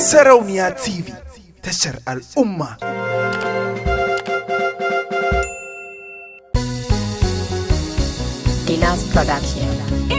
Sarauniya TV al umma. Dinas Production.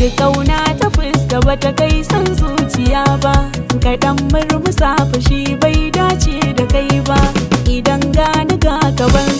da kauna ta fuska bata kai san zuciya ba kaɗan murmusa shi bai dace da kai ba idan gani ga kaban